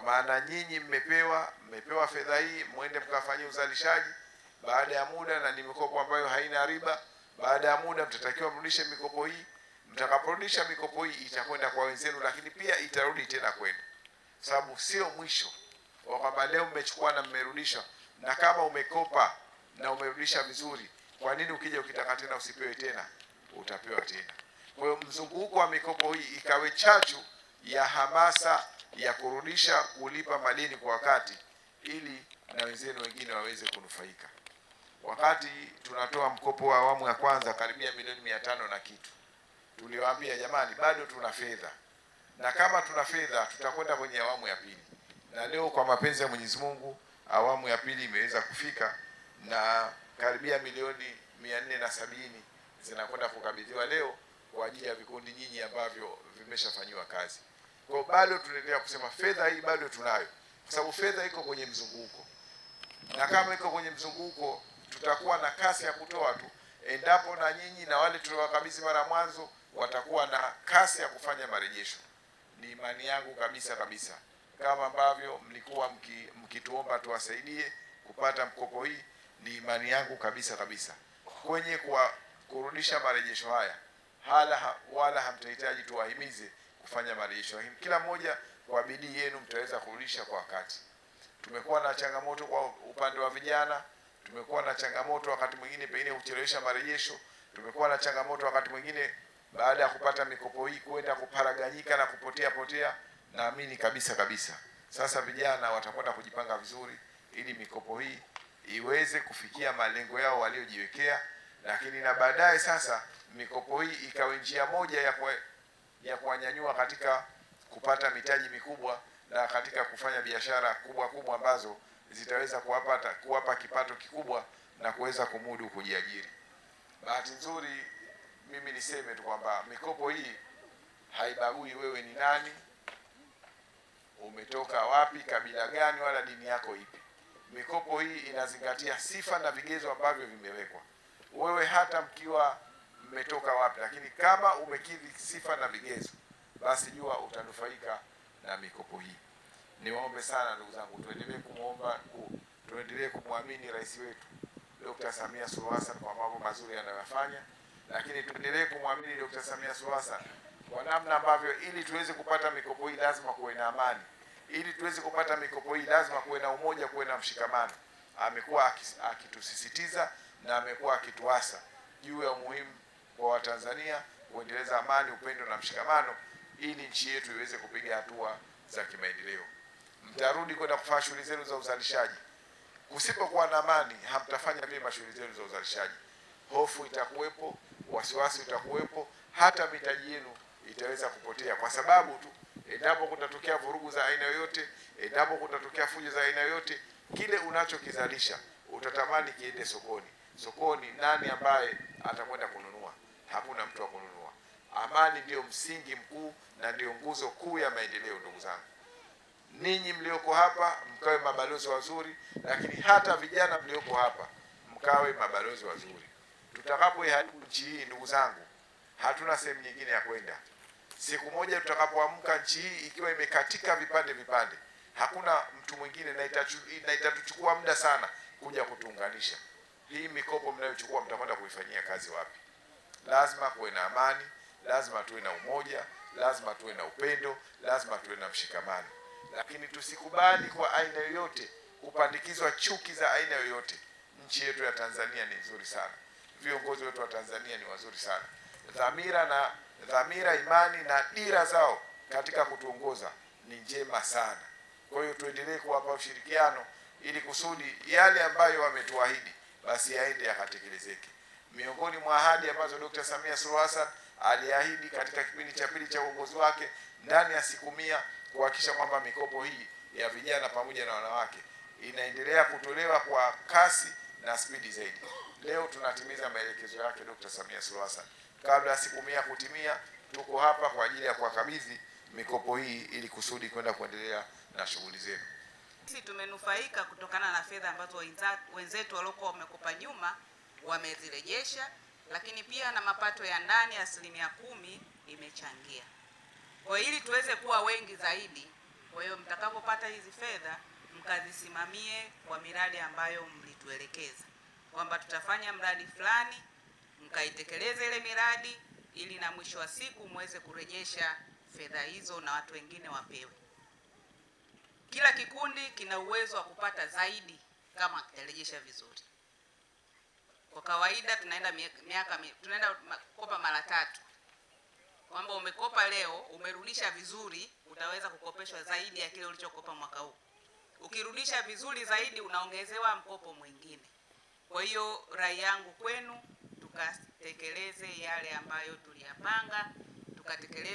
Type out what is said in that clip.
kwa maana nyinyi mmepewa mmepewa fedha hii, mwende mkafanye uzalishaji baada ya muda, na ni mikopo ambayo haina riba. Baada ya muda mtatakiwa mrudishe mikopo hii. Mtakaporudisha mikopo hii itakwenda kwa wenzenu, lakini pia itarudi tena kwenu, sababu sio mwisho wa kwamba leo mmechukua na mmerudisha. Na kama umekopa na umerudisha vizuri, kwa nini ukija ukitaka tena usipewe tena? Utapewa tena. Kwa hiyo mzunguko wa mikopo hii ikawe chachu ya hamasa ya kurudisha kulipa madeni kwa wakati ili na wenzenu wengine waweze kunufaika. Wakati tunatoa mkopo wa awamu ya kwanza karibia milioni mia tano na kitu, tuliwaambia jamani, bado tuna fedha, na kama tuna fedha tutakwenda kwenye awamu ya pili, na leo kwa mapenzi ya Mwenyezi Mungu awamu ya pili imeweza kufika na karibia milioni mia nne na sabini zinakwenda kukabidhiwa leo kwa ajili ya vikundi nyinyi ambavyo vimeshafanyiwa kazi. Kwa bado tunaendelea kusema fedha hii bado tunayo, kwa sababu fedha iko kwenye mzunguko, na kama iko kwenye mzunguko tutakuwa na kasi ya kutoa tu, endapo na nyinyi na wale tuliowakabidhi mara mwanzo watakuwa na kasi ya kufanya marejesho. Ni imani yangu kabisa kabisa, kama ambavyo mlikuwa mkituomba tuwasaidie kupata mkopo, hii ni imani yangu kabisa kabisa kwenye kwa kurudisha marejesho haya, hala wala hamtahitaji tuwahimize kufanya marejesho, lakini kila mmoja kwa bidii yenu mtaweza kurudisha kwa wakati. Tumekuwa na changamoto kwa upande wa vijana, tumekuwa na changamoto wakati mwingine pengine kuchelewesha marejesho, tumekuwa na changamoto wakati mwingine baada ya kupata mikopo hii kwenda kuparaganyika na kupotea potea. Naamini kabisa kabisa sasa vijana watakwenda kujipanga vizuri, ili mikopo hii iweze kufikia malengo yao waliojiwekea, lakini na baadaye sasa mikopo hii ikawe njia moja ya kwa ya kuwanyanyua katika kupata mitaji mikubwa na katika kufanya biashara kubwa kubwa ambazo zitaweza kuwapata kuwapa kipato kikubwa na kuweza kumudu kujiajiri. Bahati nzuri, mimi niseme tu kwamba mikopo hii haibagui wewe ni nani, umetoka wapi, kabila gani, wala dini yako ipi. Mikopo hii inazingatia sifa na vigezo ambavyo vimewekwa. Wewe hata mkiwa mmetoka wapi, lakini kama umekidhi sifa na vigezo, basi jua utanufaika na mikopo hii. Niwaombe sana ndugu zangu, tuendelee kumwomba, tuendelee kumwamini rais wetu Dkt. Samia Suluhu Hassan kwa mambo mazuri anayoyafanya, lakini tuendelee kumwamini Dkt. Samia Suluhu Hassan kwa namna ambavyo, ili tuweze kupata mikopo hii lazima kuwe na amani, ili tuweze kupata mikopo hii lazima kuwe na umoja, kuwe na mshikamano. Amekuwa akitusisitiza na amekuwa akituasa juu ya umuhimu kwa Watanzania kuendeleza amani, upendo na mshikamano ili nchi yetu iweze kupiga hatua za kimaendeleo. Mtarudi kwenda kufanya shughuli zenu za uzalishaji. Kusipokuwa na amani, hamtafanya vyema shughuli zenu za uzalishaji. Hofu itakuwepo, wasiwasi utakuwepo, hata mitaji yenu itaweza kupotea kwa sababu tu endapo kutatokea vurugu za aina yoyote, endapo kutatokea fujo za aina yoyote, kile unachokizalisha utatamani kiende sokoni. Sokoni nani ambaye atakwenda kununua? mtu wa kununua. Amani ndiyo msingi mkuu na ndiyo nguzo kuu ya maendeleo. Ndugu zangu, ninyi mlioko hapa mkawe mabalozi wazuri, lakini hata vijana mlioko hapa mkawe mabalozi wazuri. Tutakapoiharibu nchi hii, ndugu zangu, hatuna sehemu nyingine ya kwenda. Siku moja tutakapoamka nchi hii ikiwa imekatika vipande vipande, hakuna mtu mwingine, na itatuchukua muda sana kuja kutuunganisha. Hii mikopo mnayochukua mtakwenda kuifanyia kazi wapi? lazima kuwe na amani, lazima tuwe na umoja, lazima tuwe na upendo, lazima tuwe na mshikamano, lakini tusikubali kwa aina yoyote kupandikizwa chuki za aina yoyote. Nchi yetu ya Tanzania ni nzuri sana, viongozi wetu wa Tanzania ni wazuri sana. Dhamira na dhamira, imani na dira zao katika kutuongoza ni njema sana. Kwa hiyo tuendelee kuwapa ushirikiano ili kusudi yale ambayo wametuahidi basi yaende yakatekelezeke. Miongoni mwa ahadi ambazo Dkt. Samia Suluhu Hassan aliahidi katika kipindi cha pili cha uongozi wake ndani ya siku mia kuhakikisha kwamba mikopo hii ya vijana pamoja na wanawake inaendelea kutolewa kwa kasi na spidi zaidi. Leo tunatimiza maelekezo yake Dkt. Samia Suluhu Hassan. Kabla ya siku mia kutimia, tuko hapa kwa ajili ya kuwakabidhi mikopo hii ili kusudi kwenda kuendelea na shughuli zenu. Sisi tumenufaika kutokana na fedha ambazo wenzetu waliokuwa wamekopa nyuma wamezirejesha, lakini pia na mapato ya ndani asilimia kumi imechangia. Kwa ili tuweze kuwa wengi zaidi, kwa hiyo mtakapopata hizi fedha mkazisimamie kwa miradi ambayo mlituelekeza kwamba tutafanya mradi fulani, mkaitekeleze ile miradi ili na mwisho wa siku muweze kurejesha fedha hizo na watu wengine wapewe. Kila kikundi kina uwezo wa kupata zaidi kama kitarejesha vizuri kawaida tunaenda miaka tunaenda kukopa mara tatu, kwamba umekopa leo umerudisha vizuri, utaweza kukopeshwa zaidi ya kile ulichokopa mwaka huu. Ukirudisha vizuri zaidi, unaongezewa mkopo mwingine. Kwa hiyo rai yangu kwenu, tukatekeleze yale ambayo tuliyapanga, tukatekeleze